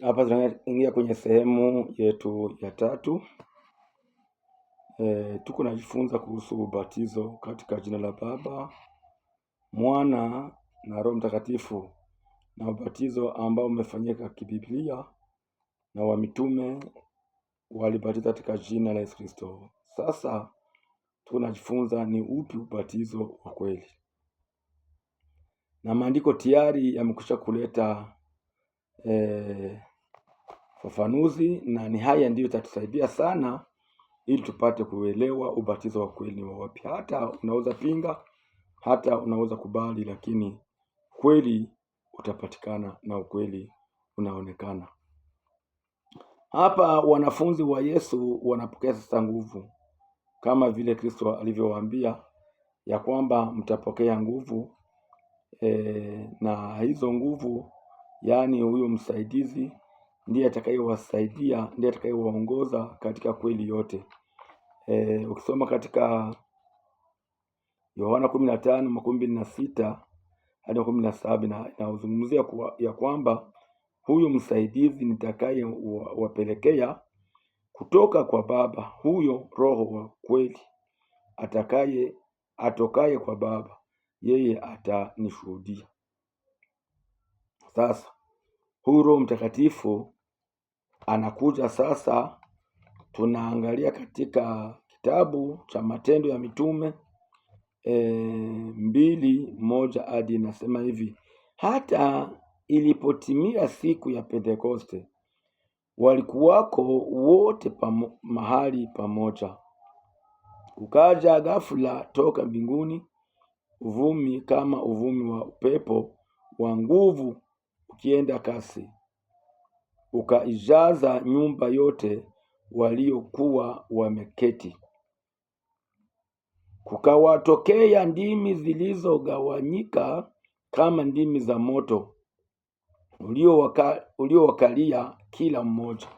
Hapa tunaingia kwenye sehemu yetu ya tatu. E, tuko najifunza kuhusu ubatizo katika jina la Baba, Mwana na Roho Mtakatifu na ubatizo ambao umefanyika kibiblia na wa mitume walibatiza katika jina la Yesu Kristo. Sasa tunajifunza ni upi ubatizo wa kweli, na maandiko tayari yamekwisha kuleta eh, fafanuzi, na ni haya ndiyo itatusaidia sana ili tupate kuelewa ubatizo wa kweli ni wa wapi. Hata unaweza pinga, hata unaweza kubali, lakini kweli utapatikana na ukweli unaonekana. Hapa wanafunzi wa Yesu wanapokea sasa nguvu kama vile Kristo alivyowaambia ya kwamba mtapokea nguvu e, na hizo nguvu, yaani huyo msaidizi ndiye atakayewasaidia, ndiye atakayewaongoza katika kweli yote. E, ukisoma katika Yohana kumi na tano makumi mbili na sita hadi kumi na saba inazungumzia kwa, ya kwamba huyu msaidizi nitakayewapelekea kutoka kwa Baba, huyo Roho wa kweli atakaye atokaye kwa Baba, yeye atanishuhudia. Sasa Huyu Roho Mtakatifu anakuja sasa. Tunaangalia katika kitabu cha Matendo ya Mitume e, mbili moja hadi inasema hivi: hata ilipotimia siku ya Pentekoste walikuwako wote pamo, mahali pamoja. Ukaja ghafula toka mbinguni uvumi kama uvumi wa upepo wa nguvu ukienda kasi, ukaijaza nyumba yote waliokuwa wameketi. Kukawatokea ndimi zilizogawanyika kama ndimi za moto uliowakalia kila mmoja.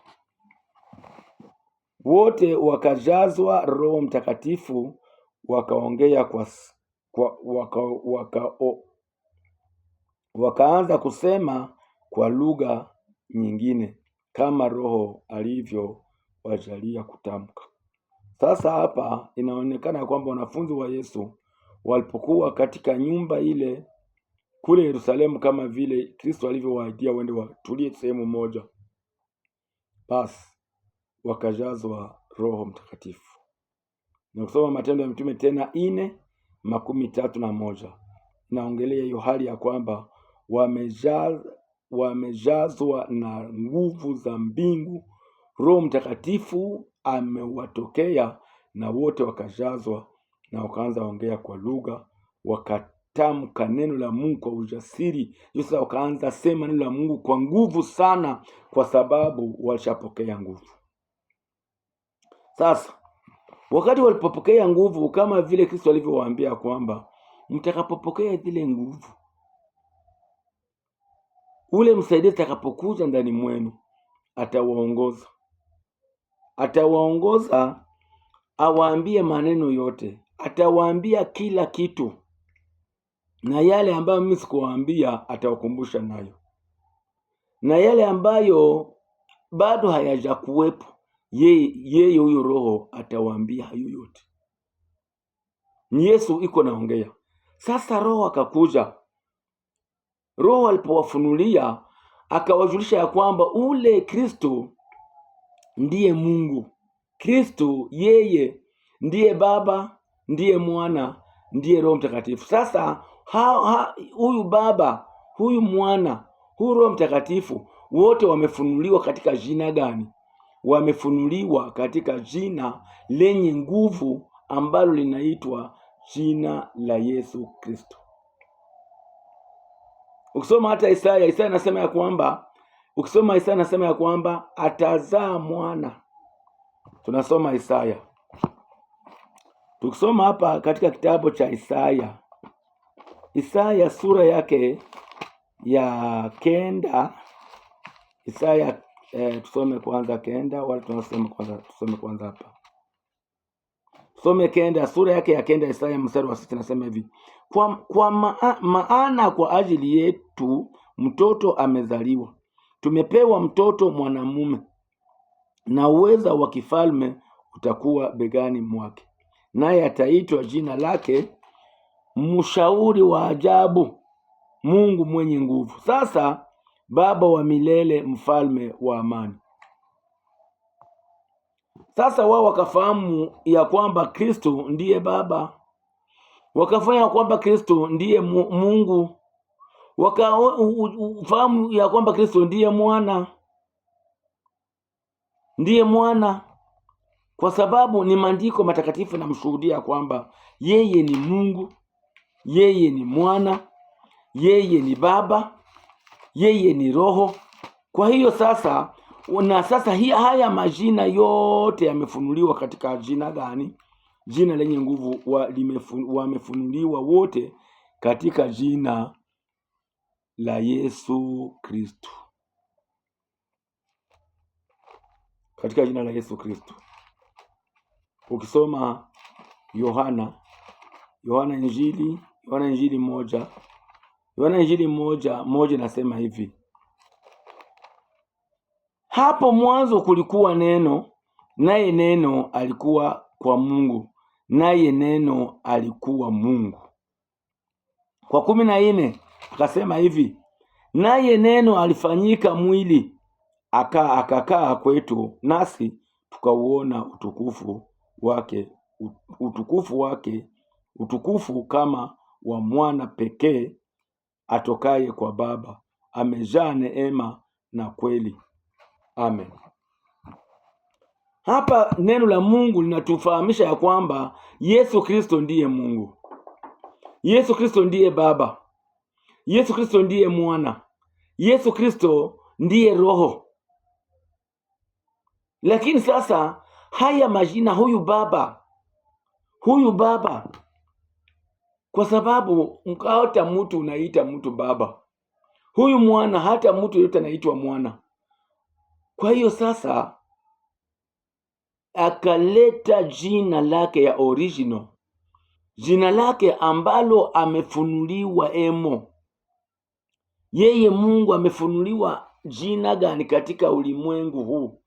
Wote wakajazwa Roho Mtakatifu wakaongea kwa, kwa, waka, waka, wakaanza kusema kwa lugha nyingine kama Roho alivyowajalia kutamka. Sasa hapa inaonekana kwamba wanafunzi wa Yesu walipokuwa katika nyumba ile kule Yerusalemu, kama vile Kristo alivyowaahidia waende watulie sehemu moja, basi wakajazwa Roho Mtakatifu. Na kusoma Matendo ya Mitume tena ine makumi tatu na moja inaongelea hiyo hali ya kwamba wamejazwa, na nguvu za mbingu. Roho Mtakatifu amewatokea na wote wakajazwa na wakaanza ongea kwa lugha, wakatamka neno la Mungu kwa ujasiri. Yusa wakaanza sema neno la Mungu kwa nguvu sana, kwa sababu walishapokea nguvu. Sasa wakati walipopokea nguvu, kama vile Kristo alivyowaambia kwamba mtakapopokea zile nguvu Ule msaidizi atakapokuja ndani mwenu atawaongoza, atawaongoza awaambie maneno yote, atawaambia kila kitu, na yale ambayo mimi sikuwaambia atawakumbusha nayo, na yale ambayo bado hayajakuwepo yeye huyo Roho atawaambia hayo yote. Ni Yesu iko naongea sasa. Roho akakuja Roho alipowafunulia akawajulisha ya kwamba ule Kristo ndiye Mungu. Kristo yeye ndiye Baba, ndiye Mwana, ndiye Roho Mtakatifu. Sasa huyu Baba, huyu Mwana, huyu Roho Mtakatifu wote wamefunuliwa katika jina gani? Wamefunuliwa katika jina lenye nguvu ambalo linaitwa jina la Yesu Kristo. Ukisoma hata Isaya, Isaya anasema ya kwamba ukisoma Isaya anasema ya kwamba atazaa mwana. Tunasoma Isaya, tukisoma hapa katika kitabu cha Isaya, Isaya sura yake ya kenda. Isaya eh, tusome kwanza kenda, wala tunasema kwanza, tusome kwanza hapa Some kenda sura yake ya kenda Isaya mstari wa sita nasema hivi kwa, kwa maa, maana kwa ajili yetu mtoto amezaliwa, tumepewa mtoto mwanamume, na uweza wa kifalme utakuwa begani mwake, naye ataitwa jina lake mshauri wa ajabu, Mungu mwenye nguvu, sasa Baba wa milele, mfalme wa amani. Sasa wao wakafahamu ya kwamba Kristo ndiye Baba, wakafanya kwamba Kristo ndiye Mungu, wakafahamu ya kwamba Kristo ndiye mwana, ndiye mwana kwa sababu ni maandiko matakatifu namshuhudia kwamba yeye ni Mungu, yeye ni mwana, yeye ni Baba, yeye ni Roho. Kwa hiyo sasa na sasa hii haya majina yote yamefunuliwa katika jina gani? Jina lenye nguvu wamefunuliwa wa wote katika jina la Yesu Kristo, katika jina la Yesu Kristo. Ukisoma Yohana Yohana Injili Yohana Injili moja Yohana Injili moja moja inasema hivi hapo mwanzo kulikuwa neno, naye neno alikuwa kwa Mungu, naye neno alikuwa Mungu. Kwa kumi na nne akasema hivi, naye neno alifanyika mwili aka akakaa kwetu, nasi tukauona utukufu wake, utukufu wake, utukufu kama wa mwana pekee atokaye kwa Baba, amejaa neema na kweli. Amen. Hapa neno la Mungu linatufahamisha ya kwamba Yesu Kristo ndiye Mungu, Yesu Kristo ndiye Baba, Yesu Kristo ndiye Mwana, Yesu Kristo ndiye Roho. Lakini sasa haya majina, huyu Baba, huyu Baba, kwa sababu hata mtu unaita mtu baba, huyu Mwana hata mtu yote anaitwa mwana kwa hiyo sasa akaleta jina lake ya original, jina lake ambalo amefunuliwa emo. Yeye Mungu amefunuliwa jina gani katika ulimwengu huu?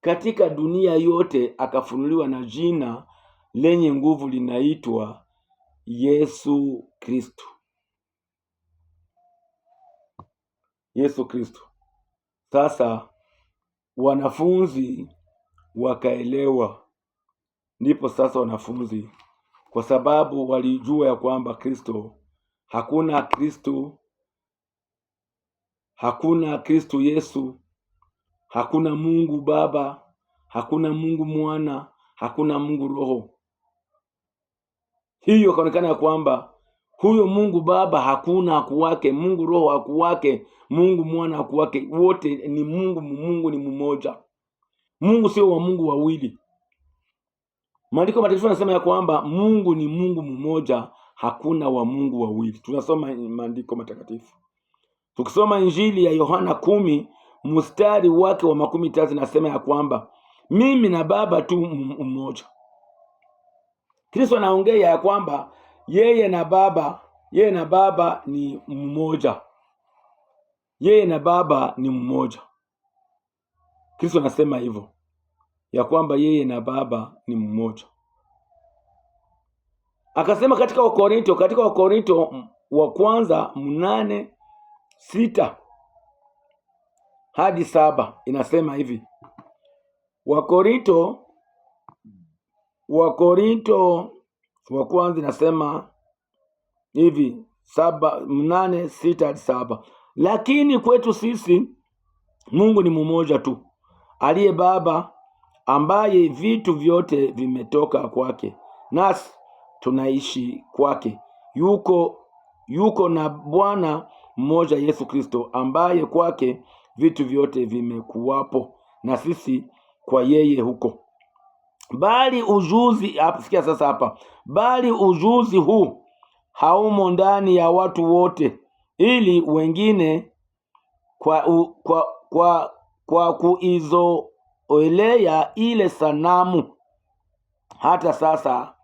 Katika dunia yote akafunuliwa na jina lenye nguvu linaitwa Yesu Kristo. Yesu Kristo. Sasa wanafunzi wakaelewa. Ndipo sasa wanafunzi, kwa sababu walijua ya kwamba Kristo hakuna Kristo, hakuna Kristo Yesu, hakuna Mungu Baba, hakuna Mungu Mwana, hakuna Mungu Roho. Hiyo ikaonekana ya kwamba huyo mungu baba hakuna akuwake mungu roho akuwake mungu mwana akuwake wote ni mungu mungu ni mmoja mungu sio wa mungu wawili maandiko matakatifu anasema ya kwamba mungu ni mungu mmoja hakuna wa mungu wawili tunasoma maandiko matakatifu tukisoma injili ya yohana kumi mstari wake wa makumi tatu nasema ya kwamba mimi na baba tu mmoja kristo anaongea ya kwamba yeye na baba yeye na baba ni mmoja, yeye na baba ni mmoja. Kristo anasema hivyo ya kwamba yeye na baba ni mmoja. Akasema katika Wakorinto, katika Wakorinto wa kwanza mnane sita hadi saba inasema hivi Wakorinto Wakorinto wa kwanza inasema hivi saba mnane sita hadi saba lakini kwetu sisi Mungu ni mmoja tu aliye Baba ambaye vitu vyote vimetoka kwake nasi tunaishi kwake. Yuko yuko na Bwana mmoja Yesu Kristo ambaye kwake vitu vyote vimekuwapo na sisi kwa yeye huko bali ujuzi hapa, sikia sasa hapa, bali ujuzi huu haumo ndani ya watu wote, ili wengine kwa, u, kwa, kwa, kwa kuizoelea ile sanamu hata sasa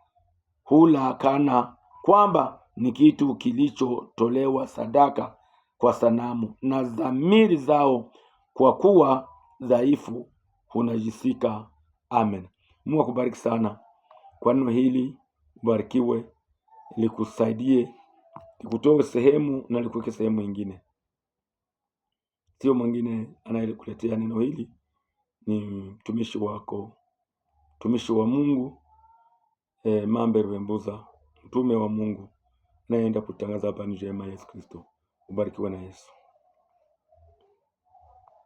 hula kana kwamba ni kitu kilichotolewa sadaka kwa sanamu, na dhamiri zao kwa kuwa dhaifu hunajisika. Amen. Mungu akubariki sana kwa neno hili, ubarikiwe, likusaidie, likutoe sehemu na likuweke sehemu nyingine. Sio mwingine anayekuletea neno hili, ni mtumishi wako, mtumishi wa Mungu e, Mambe Rwembuza, mtume wa Mungu nayeenda kutangaza habari njema Yesu Kristo. Ubarikiwe na Yesu.